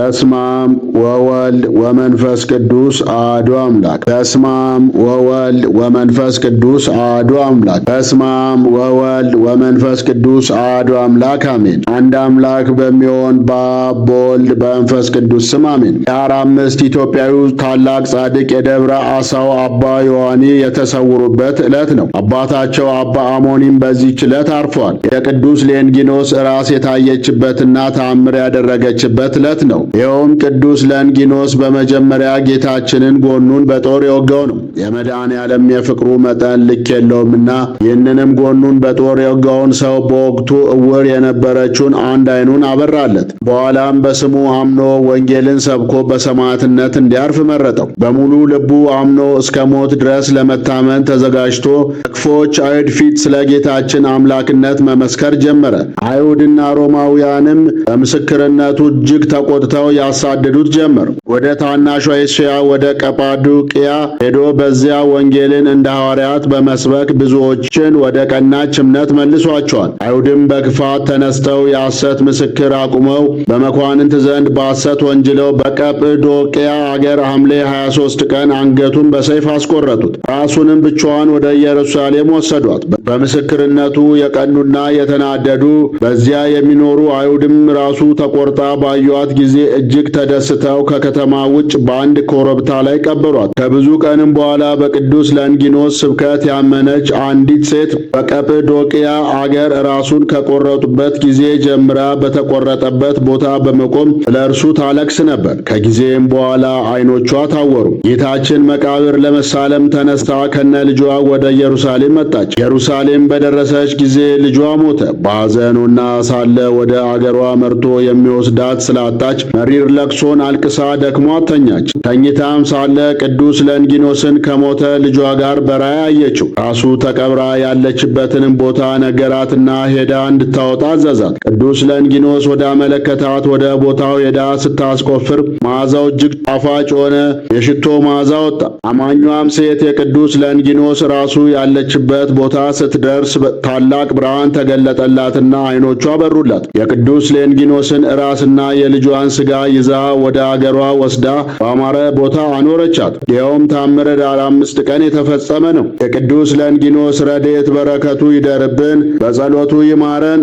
በስማም ወወልድ ወመንፈስ ቅዱስ አሐዱ አምላክ። በስማም ወወልድ ወመንፈስ ቅዱስ አሐዱ አምላክ። በስማም ወወልድ ወመንፈስ ቅዱስ አሐዱ አምላክ አሜን። አንድ አምላክ በሚሆን በአብ በወልድ በመንፈስ ቅዱስ ስም አሜን። ዳር አምስት ኢትዮጵያዊ ታላቅ ጻድቅ የደብረ አሳው አባ ዮሐኒ የተሰውሩበት ዕለት ነው። አባታቸው አባ አሞኒም በዚህች ዕለት አርፏል። የቅዱስ ሌንጊኖስ ራስ የታየችበትና ተአምር ያደረገችበት ዕለት ነው። ይኸውም ቅዱስ ለንጊኖስ በመጀመሪያ ጌታችንን ጎኑን በጦር የወጋው ነው። የመድኃኔ ዓለም የፍቅሩ መጠን ልክ የለውምና ይህንንም ጎኑን በጦር የወጋውን ሰው በወቅቱ እውር የነበረችውን አንድ ዓይኑን አበራለት። በኋላም በስሙ አምኖ ወንጌልን ሰብኮ በሰማዕትነት እንዲያርፍ መረጠው። በሙሉ ልቡ አምኖ እስከ ሞት ድረስ ለመታመን ተዘጋጅቶ ክፎች አይሁድ ፊት ስለ ጌታችን አምላክነት መመስከር ጀመረ። አይሁድና ሮማውያንም በምስክርነቱ እጅግ ተቆጥተው ሰው ያሳደዱት ጀመር። ወደ ታናሿ እስያ ወደ ቀጳዱቅያ ሄዶ በዚያ ወንጌልን እንደ ሐዋርያት በመስበክ ብዙዎችን ወደ ቀናች እምነት መልሷቸዋል። አይሁድም በክፋት ተነስተው የሐሰት ምስክር አቁመው በመኳንንት ዘንድ በሐሰት ወንጅለው በቀጵዶቅያ አገር ሐምሌ 23 ቀን አንገቱን በሰይፍ አስቆረጡት። ራሱንም ብቻዋን ወደ ኢየሩሳሌም ወሰዷት። በምስክርነቱ የቀኑና የተናደዱ በዚያ የሚኖሩ አይሁድም ራሱ ተቆርጣ ባዩአት ጊዜ እጅግ ተደስተው ከከተማ ውጭ በአንድ ኮረብታ ላይ ቀበሯት። ከብዙ ቀንም በኋላ በቅዱስ ለንጊኖስ ስብከት ያመነች አንዲት ሴት በቀጵዶቅያ አገር ራሱን ከቆረጡበት ጊዜ ጀምራ በተቆረጠበት ቦታ በመቆም ለእርሱ ታለቅስ ነበር። ከጊዜም በኋላ ዓይኖቿ ታወሩ። ጌታችን መቃብር ለመሳለም ተነስታ ከነ ልጇ ወደ ኢየሩሳሌም መጣች። ኢየሩሳሌም በደረሰች ጊዜ ልጇ ሞተ። በሐዘኑና ሳለ ወደ አገሯ መርቶ የሚወስዳት ስላጣች መሪር ለቅሶን አልቅሳ ደክሟ ተኛች። ተኝታም ሳለ ቅዱስ ለንጊኖስን ከሞተ ልጇ ጋር በራእይ አየችው። ራሱ ተቀብራ ያለችበትንም ቦታ ነገራትና ሄዳ እንድታወጣ አዘዛት። ቅዱስ ለንጊኖስ ወደ አመለከታት ወደ ቦታው ሄዳ ስታስቆፍር መዓዛው እጅግ ጣፋጭ ሆነ፣ የሽቶ መዓዛ ወጣ። አማኟም ሴት የቅዱስ ለንጊኖስ ራሱ ያለችበት ቦታ ስትደርስ ታላቅ ብርሃን ተገለጠላትና ዓይኖቿ በሩላት። የቅዱስ ለንጊኖስን ራስና የልጇን ስጋ ይዛ ወደ አገሯ ወስዳ በአማረ ቦታ አኖረቻት። ይኸውም ታምር ዳር አምስት ቀን የተፈጸመ ነው። የቅዱስ ለንጊኖስ ረድኤት በረከቱ ይደርብን፣ በጸሎቱ ይማረን።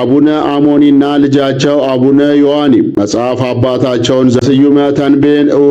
አቡነ አሞኒና ልጃቸው አቡነ ዮሐኒ መጽሐፍ አባታቸውን ዘስዩመ ተንቤን ኡ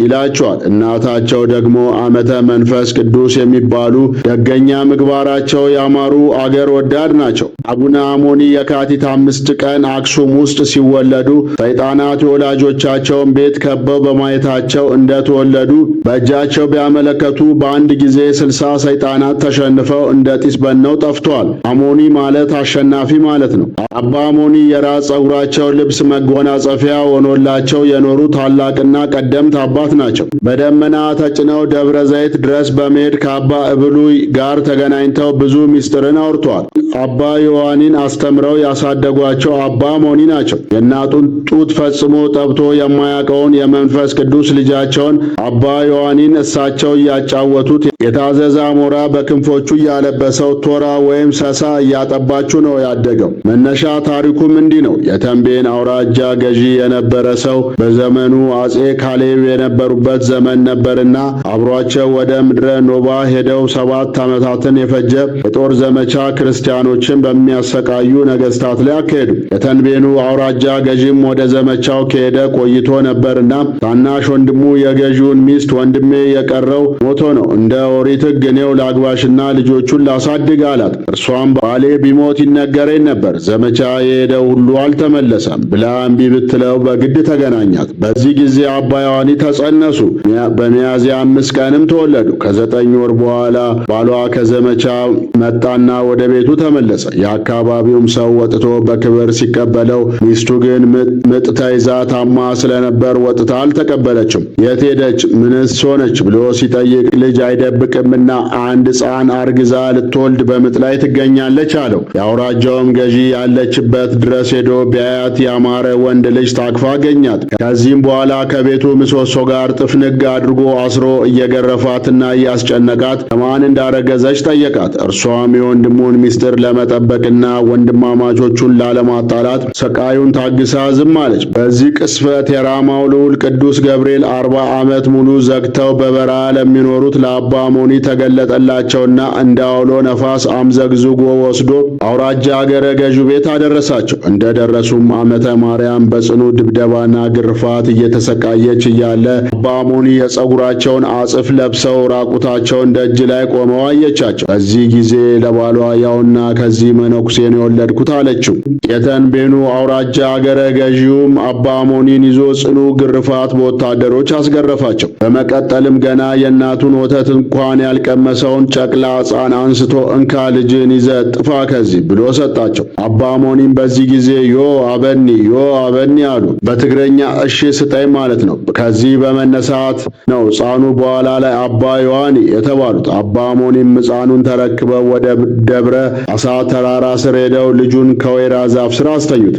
ይላቸዋል። እናታቸው ደግሞ አመተ መንፈስ ቅዱስ የሚባሉ ደገኛ ምግባራቸው ያማሩ አገር ወዳድ ናቸው። አቡነ አሞኒ የካቲት አምስት ቀን አክሱም ውስጥ ሲወለዱ ሰይጣናት የወላጆቻቸውን ቤት ከበው በማየታቸው እንደተወለዱ በእጃቸው ቢያመለከቱ በአንድ ጊዜ ስልሳ ሰይጣናት ተሸንፈው እንደ ጢስ በነው ጠፍተዋል። አሞኒ ማለት አሸናፊ ማለት ነው። አባ ሞኒ የራስ ጸጉራቸው ልብስ መጎናጸፊያ ሆኖላቸው የኖሩ ታላቅና ቀደምት አባት ናቸው። በደመና ተጭነው ደብረ ዘይት ድረስ በመሄድ ከአባ እብሉይ ጋር ተገናኝተው ብዙ ምስጢርን አውርተዋል። አባ ዮሐኒን አስተምረው ያሳደጓቸው አባ ሞኒ ናቸው። የእናቱን ጡት ፈጽሞ ጠብቶ የማያውቀውን የመንፈስ ቅዱስ ልጃቸውን አባ ዮሐኒን እሳቸው እያጫወቱት የታዘዘ አሞራ በክንፎቹ እያለበሰው ቶራ ወይም ሰሳ እያጠባችሁ ነው ያደገው። መነሻ ታሪኩም እንዲህ ነው። የተንቤን አውራጃ ገዢ የነበረ ሰው በዘመኑ አጼ ካሌብ የነበሩበት ዘመን ነበርና አብሯቸው ወደ ምድረ ኖባ ሄደው ሰባት ዓመታትን የፈጀ የጦር ዘመቻ ክርስቲያን ንጹሐኖችን በሚያሰቃዩ ነገስታት ላይ አካሄዱ። የተንቤኑ አውራጃ ገዥም ወደ ዘመቻው ከሄደ ቆይቶ ነበርና ታናሽ ወንድሙ የገዢውን ሚስት ወንድሜ የቀረው ሞቶ ነው፣ እንደ ኦሪት ሕግ እኔው ላግባሽና ልጆቹን ላሳድግ አላት። እርሷም ባሌ ቢሞት ይነገረኝ ነበር፣ ዘመቻ የሄደው ሁሉ አልተመለሰም ብላ እምቢ ብትለው በግድ ተገናኛት። በዚህ ጊዜ አባ ዮሐኒ ተጸነሱ። በሚያዝያ አምስት ቀንም ተወለዱ። ከዘጠኝ ወር በኋላ ባሏ ከዘመቻ መጣና ወደ ቤቱ ተመለሰ። የአካባቢውም ሰው ወጥቶ በክብር ሲቀበለው፣ ሚስቱ ግን ምጥ ተይዛ ታማ ስለነበር ወጥታ አልተቀበለችም። የት ሄደች? ምንስ ሆነች? ብሎ ሲጠይቅ ልጅ አይደብቅምና አንድ ሕፃን አርግዛ ልትወልድ በምጥ ላይ ትገኛለች አለው። የአውራጃውም ገዢ ያለችበት ድረስ ሄዶ ቢያያት ያማረ ወንድ ልጅ ታቅፋ አገኛት። ከዚህም በኋላ ከቤቱ ምሰሶ ጋር ጥፍንግ አድርጎ አስሮ እየገረፋትና እያስጨነቃት ለማን እንዳረገዘች ጠየቃት። እርሷም የወንድሙን ሚስጥር ለመጠበቅና ወንድማማቾቹን ላለማጣላት ሰቃዩን ታግሳ ዝም አለች። በዚህ ቅስፈት የራማው ልዑል ቅዱስ ገብርኤል አርባ ዓመት ሙሉ ዘግተው በበረሃ ለሚኖሩት ለአባ ሞኒ ተገለጠላቸውና እንደ አውሎ ነፋስ አምዘግዝጎ ወስዶ አውራጃ አገረ ገዡ ቤት አደረሳቸው። እንደ ደረሱም ዓመተ ማርያም በጽኑ ድብደባና ግርፋት እየተሰቃየች እያለ አባ ሞኒ የጸጉራቸውን አጽፍ ለብሰው ራቁታቸውን ደጅ ላይ ቆመው አየቻቸው። በዚህ ጊዜ ለባሏ ያውና ከዚህ መነኩሴን የወለድኩት አለችው። የተንቤኑ አውራጃ አገረ ገዢውም አባ አሞኒን ይዞ ጽኑ ግርፋት በወታደሮች አስገረፋቸው። በመቀጠልም ገና የእናቱን ወተት እንኳን ያልቀመሰውን ጨቅላ ሕፃን አንስቶ እንካ ልጅን ይዘ ጥፋ ከዚህ ብሎ ሰጣቸው። አባ አሞኒም በዚህ ጊዜ ዮ አበኒ ዮ አበኒ አሉ። በትግረኛ እሺ ስጠኝ ማለት ነው። ከዚህ በመነሳት ነው ሕፃኑ በኋላ ላይ አባ ዮሐኒ የተባሉት። አባ አሞኒም ሕፃኑን ተረክበው ወደ ደብረ አሳ ተራራ ስር ሄደው ልጁን ከወይራ ዛፍ ስር አስተኙት።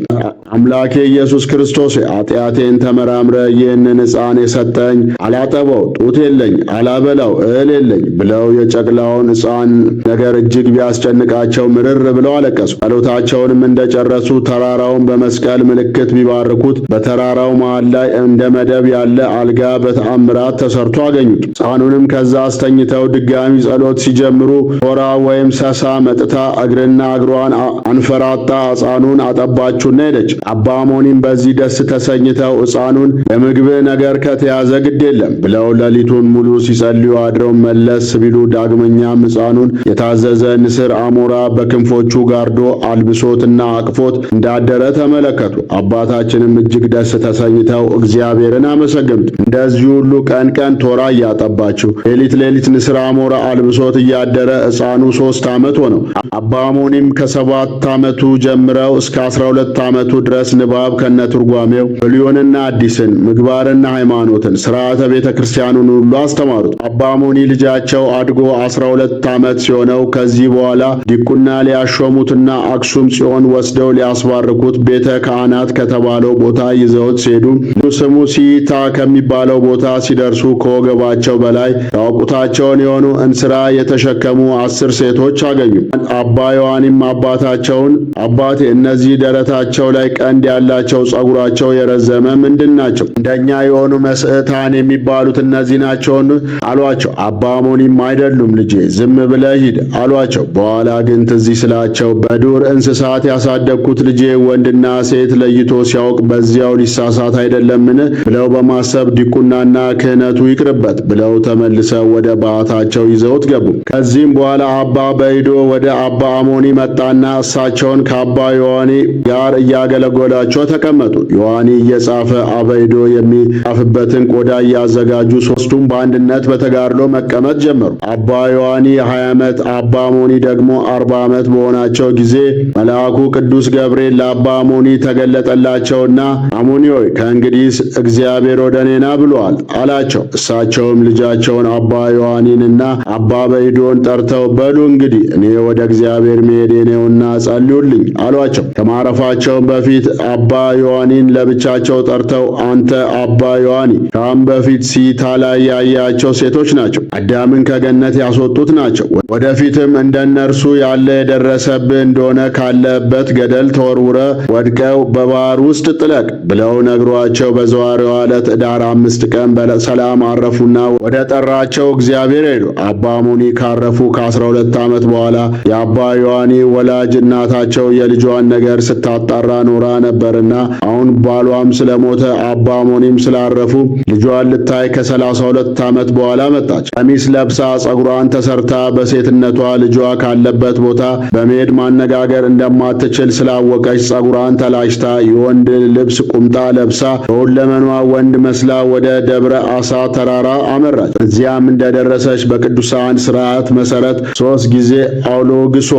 አምላኬ ኢየሱስ ክርስቶስ ኃጢአቴን ተመራምረ ይህንን ሕፃን የሰጠኝ አላጠበው፣ ጡት የለኝ፣ አላበላው፣ እህል የለኝ ብለው የጨቅላውን ሕፃን ነገር እጅግ ቢያስጨንቃቸው ምርር ብለው አለቀሱ። ጸሎታቸውንም እንደጨረሱ ተራራውን በመስቀል ምልክት ቢባርኩት በተራራው መሃል ላይ እንደ መደብ ያለ አልጋ በተአምራት ተሰርቶ አገኙት። ሕፃኑንም ከዛ አስተኝተው ድጋሚ ጸሎት ሲጀምሩ ሆራ ወይም ሰሳ መጥታ እግርና እግሯን አንፈራታ ሕፃኑን አጠባችሁና ሄደች። አባሞኒም በዚህ ደስ ተሰኝተው ሕፃኑን ለምግብ ነገር ከተያዘ ግድ የለም ብለው ሌሊቱን ሙሉ ሲጸልዩ አድረው መለስ ቢሉ ዳግመኛም ሕፃኑን የታዘዘ ንስር አሞራ በክንፎቹ ጋርዶ አልብሶትና አቅፎት እንዳደረ ተመለከቱ። አባታችንም እጅግ ደስ ተሰኝተው እግዚአብሔርን አመሰገኑት። እንደዚህ ሁሉ ቀን ቀን ቶራ እያጠባችሁ ሌሊት ሌሊት ንስር አሞራ አልብሶት እያደረ ሕፃኑ ሶስት ዓመት ሆነው። አባ ከሰባት ዓመቱ ጀምረው እስከ አስራ ሁለት ዓመቱ ድረስ ንባብ ከነትርጓሜው ብሉይንና አዲስን፣ ምግባርና ሃይማኖትን፣ ስርዓተ ቤተ ክርስቲያኑን ሁሉ አስተማሩት። አባሞኒ ልጃቸው አድጎ አስራ ሁለት ዓመት ሲሆነው ከዚህ በኋላ ዲቁና ሊያሾሙትና አክሱም ጽዮን ወስደው ሊያስባርኩት ቤተ ካህናት ከተባለው ቦታ ይዘውት ሲሄዱ ስሙ ሲታ ከሚባለው ቦታ ሲደርሱ ከወገባቸው በላይ ራቁታቸውን የሆኑ እንስራ የተሸከሙ አስር ሴቶች አገኙ። አባ ጠባዩዋንም አባታቸውን አባቴ እነዚህ ደረታቸው ላይ ቀንድ ያላቸው ጸጉራቸው የረዘመ ምንድን ናቸው? እንደኛ የሆኑ መስዕታን የሚባሉት እነዚህ ናቸውን? አሏቸው። አባ አይደሉም ልጄ፣ ዝም ብለህ ሂድ አሏቸው። በኋላ ግን ትዚህ ስላቸው በዱር እንስሳት ያሳደግኩት ልጄ ወንድና ሴት ለይቶ ሲያውቅ በዚያው ሊሳሳት አይደለምን? ብለው በማሰብ ዲቁናና ክህነቱ ይቅርበት ብለው ተመልሰው ወደ ባታቸው ይዘውት ገቡ። ከዚህም በኋላ አባ በይዶ ወደ አባ አሞኒ መጣና እሳቸውን ከአባ ዮሐኒ ጋር እያገለገሏቸው ተቀመጡ። ዮሐኒ እየጻፈ አበይዶ የሚጻፍበትን ቆዳ እያዘጋጁ ሦስቱም በአንድነት በተጋድሎ መቀመጥ ጀመሩ። አባ ዮሐኒ ሀያ ዓመት አባ አሞኒ ደግሞ አርባ ዓመት በሆናቸው ጊዜ መልአኩ ቅዱስ ገብርኤል ለአባ አሞኒ ተገለጠላቸውና አሞኒ ሆይ ከእንግዲህ እግዚአብሔር ወደ እኔና ብሏል አላቸው። እሳቸውም ልጃቸውን አባ ዮሐኒንና አባ በይዶን ጠርተው በሉ እንግዲህ እኔ ወደ እግዚአብሔር እግዚአብሔር መሄዴ ነውና ጸልዩልኝ አሏቸው። ከማረፋቸውም በፊት አባ ዮሐኒን ለብቻቸው ጠርተው አንተ አባ ዮሐኒ ከአም በፊት ሲታ ላይ ያያቸው ሴቶች ናቸው። አዳምን ከገነት ያስወጡት ናቸው። ወደፊትም እንደነርሱ ያለ የደረሰብህ እንደሆነ ካለበት ገደል ተወርውረ ወድቀው በባህር ውስጥ ጥለቅ ብለው ነግሯቸው በዘዋሪዋ ዕለት ኅዳር አምስት ቀን በሰላም አረፉና ወደ ጠራቸው እግዚአብሔር ሄዱ። አባ ሙኒ ካረፉ ከአስራ ሁለት ዓመት በኋላ የአባ ዮሐኒ ወላጅ እናታቸው የልጇን ነገር ስታጣራ ኖራ ነበርና አሁን ባሏም ስለሞተ አባ ሞኒም ስላረፉ ልጇን ልታይ ከሰላሳ ሁለት ዓመት በኋላ መጣች። ቀሚስ ለብሳ ጸጉሯን ተሰርታ በሴትነቷ ልጇ ካለበት ቦታ በመሄድ ማነጋገር እንደማትችል ስላወቀች ጸጉሯን ተላጭታ የወንድ ልብስ ቁምጣ ለብሳ በሁለመኗ ወንድ መስላ ወደ ደብረ አሳ ተራራ አመራች። እዚያም እንደደረሰች በቅዱሳን ስርዓት መሰረት ሶስት ጊዜ ግሶ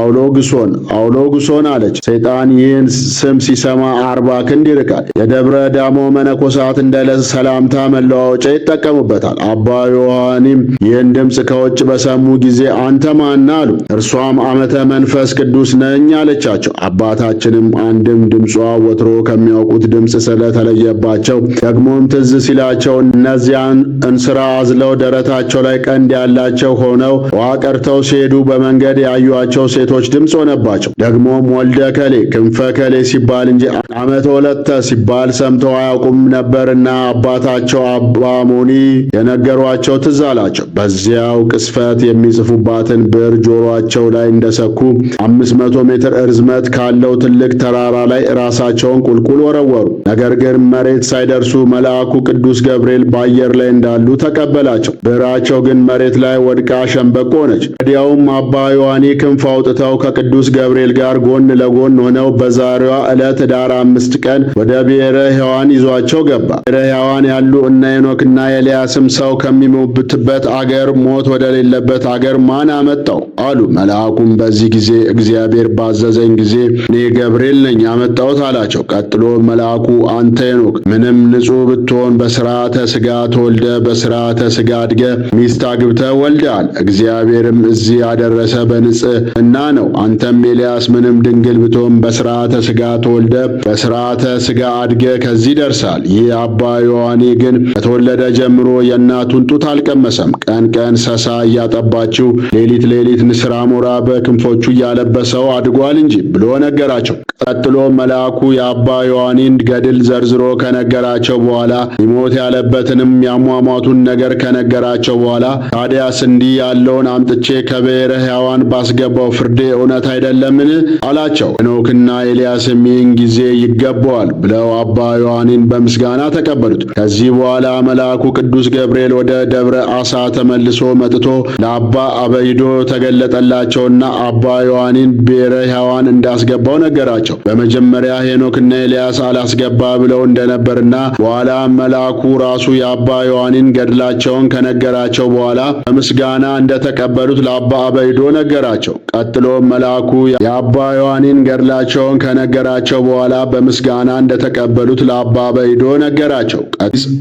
አውሎግሶን አውሎግሶን አውሎግሶን አለች። ሰይጣን ይህን ስም ሲሰማ አርባ ክንድ ይርቃል። የደብረ ዳሞ መነኮሳት እንደ ሰላምታ መለዋወጫ ይጠቀሙበታል። አባ ዮሐኒም ይህን ድምፅ ከውጭ በሰሙ ጊዜ አንተ ማን አሉ። እርሷም ዓመተ መንፈስ ቅዱስ ነኝ አለቻቸው። አባታችንም አንድም ድምጿ ወትሮ ከሚያውቁት ድምፅ ስለተለየባቸው ደግሞም ትዝ ሲላቸው እነዚያን እንስራ አዝለው ደረታቸው ላይ ቀንድ ያላቸው ሆነው ውሃ ቀድተው ሲሄዱ በመንገድ ያዩ የምትጠራቸው ሴቶች ድምፅ ሆነባቸው። ደግሞም ወልደ ከሌ ክንፈ ከሌ ሲባል እንጂ አመት ሁለተ ሲባል ሰምተው አያውቁም ነበርና አባታቸው አባሞኒ የነገሯቸው ትዝ አላቸው። በዚያው ቅስፈት የሚጽፉባትን ብር ጆሮአቸው ላይ እንደሰኩ አምስት መቶ ሜትር እርዝመት ካለው ትልቅ ተራራ ላይ ራሳቸውን ቁልቁል ወረወሩ። ነገር ግን መሬት ሳይደርሱ መልአኩ ቅዱስ ገብርኤል በአየር ላይ እንዳሉ ተቀበላቸው። ብራቸው ግን መሬት ላይ ወድቃ ሸንበቆ ነች። ወዲያውም አባ ዮሐኒ ክንፍ አውጥተው ከቅዱስ ገብርኤል ጋር ጎን ለጎን ሆነው በዛሬዋ ዕለት ኅዳር አምስት ቀን ወደ ብሔረ ሕያዋን ይዟቸው ገባ። ብሔረ ሕያዋን ያሉ እነ ሄኖክና ኤልያስም ሰው ከሚሞትበት አገር ሞት ወደሌለበት አገር ማን አመጣው አሉ። መልአኩም በዚህ ጊዜ እግዚአብሔር ባዘዘኝ ጊዜ እኔ ገብርኤል ነኝ አመጣሁት አላቸው። ቀጥሎ መልአኩ አንተ ሄኖክ ምንም ንጹሕ ብትሆን በስርዓተ ሥጋ ተወልደ በስርዓተ ሥጋ አድገ ሚስት አግብተ ወልደሃል። እግዚአብሔርም እዚህ ያደረሰ በንጽህ እና ነው። አንተም ኤልያስ ምንም ድንግል ብትሆን በስርዓተ ስጋ ተወልደ በስርዓተ ስጋ አድገ ከዚህ ደርሳል። ይህ አባ ዮሐኔ ግን ከተወለደ ጀምሮ የእናቱን ጡት አልቀመሰም። ቀን ቀን ሰሳ እያጠባችው፣ ሌሊት ሌሊት ንስራ ሞራ በክንፎቹ እያለበሰው አድጓል እንጂ ብሎ ነገራቸው። ቀጥሎ መልአኩ የአባ ዮሐኔን ገድል ዘርዝሮ ከነገራቸው በኋላ ሊሞት ያለበትንም ያሟሟቱን ነገር ከነገራቸው በኋላ ታዲያስ እንዲህ ያለውን አምጥቼ ከብሔረ ሕያዋን ባስገ። የሚገባው ፍርድ እውነት አይደለምን? አላቸው። ሄኖክና ኤልያስም ይህን ጊዜ ይገባዋል ብለው አባ ዮሐኔን በምስጋና ተቀበሉት። ከዚህ በኋላ መልአኩ ቅዱስ ገብርኤል ወደ ደብረ አሳ ተመልሶ መጥቶ ለአባ አበይዶ ተገለጠላቸውና አባ ዮሐኔን ብሔረ ሕያዋን እንዳስገባው ነገራቸው። በመጀመሪያ ሄኖክና ኤልያስ አላስገባ ብለው እንደነበርና በኋላ መልአኩ ራሱ የአባ ዮሐኔን ገድላቸውን ከነገራቸው በኋላ በምስጋና እንደተቀበሉት ለአባ አበይዶ ነገራቸው። ቀጥሎም መልአኩ የአባ ዮሐኒን ገድላቸውን ከነገራቸው በኋላ በምስጋና እንደተቀበሉት ለአባ በይዶ ነገራቸው።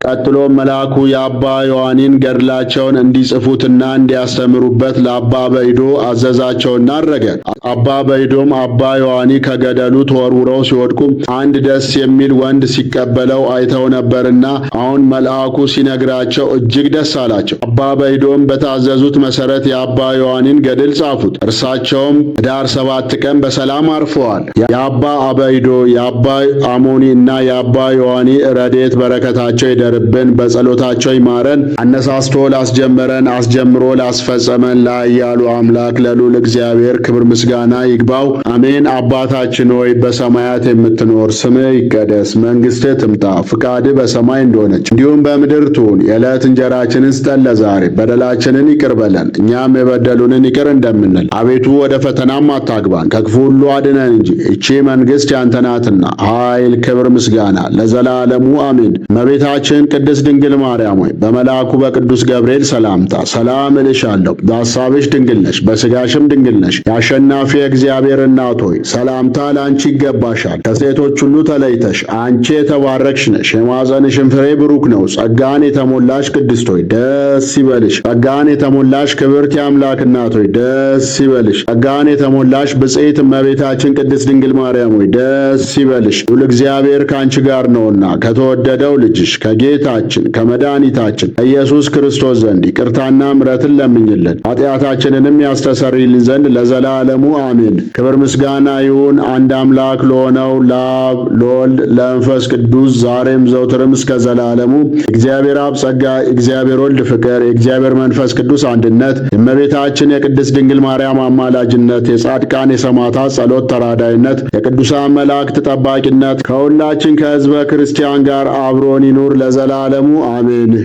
ቀጥሎም መልአኩ የአባ ዮሐኒን ገድላቸውን እንዲጽፉትና እንዲያስተምሩበት ለአባ በይዶ አዘዛቸውና አረገ። አባ በይዶም አባ ዮሐኒ ከገደሉ ተወርውረው ሲወድቁ አንድ ደስ የሚል ወንድ ሲቀበለው አይተው ነበርና አሁን መልአኩ ሲነግራቸው እጅግ ደስ አላቸው። አባ በይዶም በታዘዙት መሠረት የአባ ዮሐኒን ገድል ጻፉት። እሳቸውም ህዳር ሰባት ቀን በሰላም አርፈዋል። የአባ አበይዶ የአባ አሞኒ እና የአባ ዮሐኒ ረዴት በረከታቸው ይደርብን፣ በጸሎታቸው ይማረን። አነሳስቶ ላስጀመረን አስጀምሮ ላስፈጸመን ያሉ አምላክ ለሉል እግዚአብሔር ክብር ምስጋና ይግባው፣ አሜን። አባታችን ሆይ በሰማያት የምትኖር ስምህ ይቀደስ፣ መንግስት ትምጣ፣ ፍቃድህ በሰማይ እንደሆነች እንዲሁም በምድር ትሁን። የዕለት እንጀራችንን ስጠን ለዛሬ፣ በደላችንን ይቅር በለን እኛም የበደሉንን ይቅር እንደምንል አቤ አቤቱ ወደ ፈተናም አታግባን ከክፉ ሁሉ አድነን እንጂ እቺ መንግሥት ያንተ ናትና፣ ኃይል፣ ክብር፣ ምስጋና ለዘላለሙ አሜን። እመቤታችን ቅድስት ድንግል ማርያም ሆይ በመልአኩ በቅዱስ ገብርኤል ሰላምታ ሰላም እልሻለሁ። በሐሳብሽ ድንግል ነሽ፣ በሥጋሽም ድንግል ነሽ። የአሸናፊ እግዚአብሔር እናት ሆይ ሰላምታ ለአንቺ ይገባሻል። ከሴቶች ሁሉ ተለይተሽ አንቺ የተባረክሽ ነሽ፣ የማኅፀንሽን ፍሬ ብሩክ ነው። ጸጋን የተሞላሽ ቅድስት ሆይ ደስ ይበልሽ። ጸጋን የተሞላሽ ክብርት የአምላክ እናት ሆይ ደስ ይበልሽ። ይበልሽ። ጸጋን የተሞላሽ ብጽዕት እመቤታችን ቅድስት ድንግል ማርያም ሆይ ደስ ይበልሽ፣ ሁሉ እግዚአብሔር ከአንቺ ጋር ነውና ከተወደደው ልጅሽ ከጌታችን ከመድኃኒታችን ከኢየሱስ ክርስቶስ ዘንድ ይቅርታና ምረትን ለምኝልን ኃጢአታችንንም ያስተሰርይልን ዘንድ ለዘላለሙ አሜን። ክብር ምስጋና ይሁን አንድ አምላክ ለሆነው ለአብ ለወልድ ለመንፈስ ቅዱስ ዛሬም ዘውትርም እስከ ዘላለሙ። እግዚአብሔር አብ ጸጋ፣ እግዚአብሔር ወልድ ፍቅር፣ የእግዚአብሔር መንፈስ ቅዱስ አንድነት የእመቤታችን የቅድስት ድንግል ማርያም አማላጅነት፣ የጻድቃን የሰማዕታት ጸሎት ተራዳይነት፣ የቅዱሳን መላእክት ጠባቂነት ከሁላችን ከህዝበ ክርስቲያን ጋር አብሮን ይኑር ለዘላለሙ አሜን።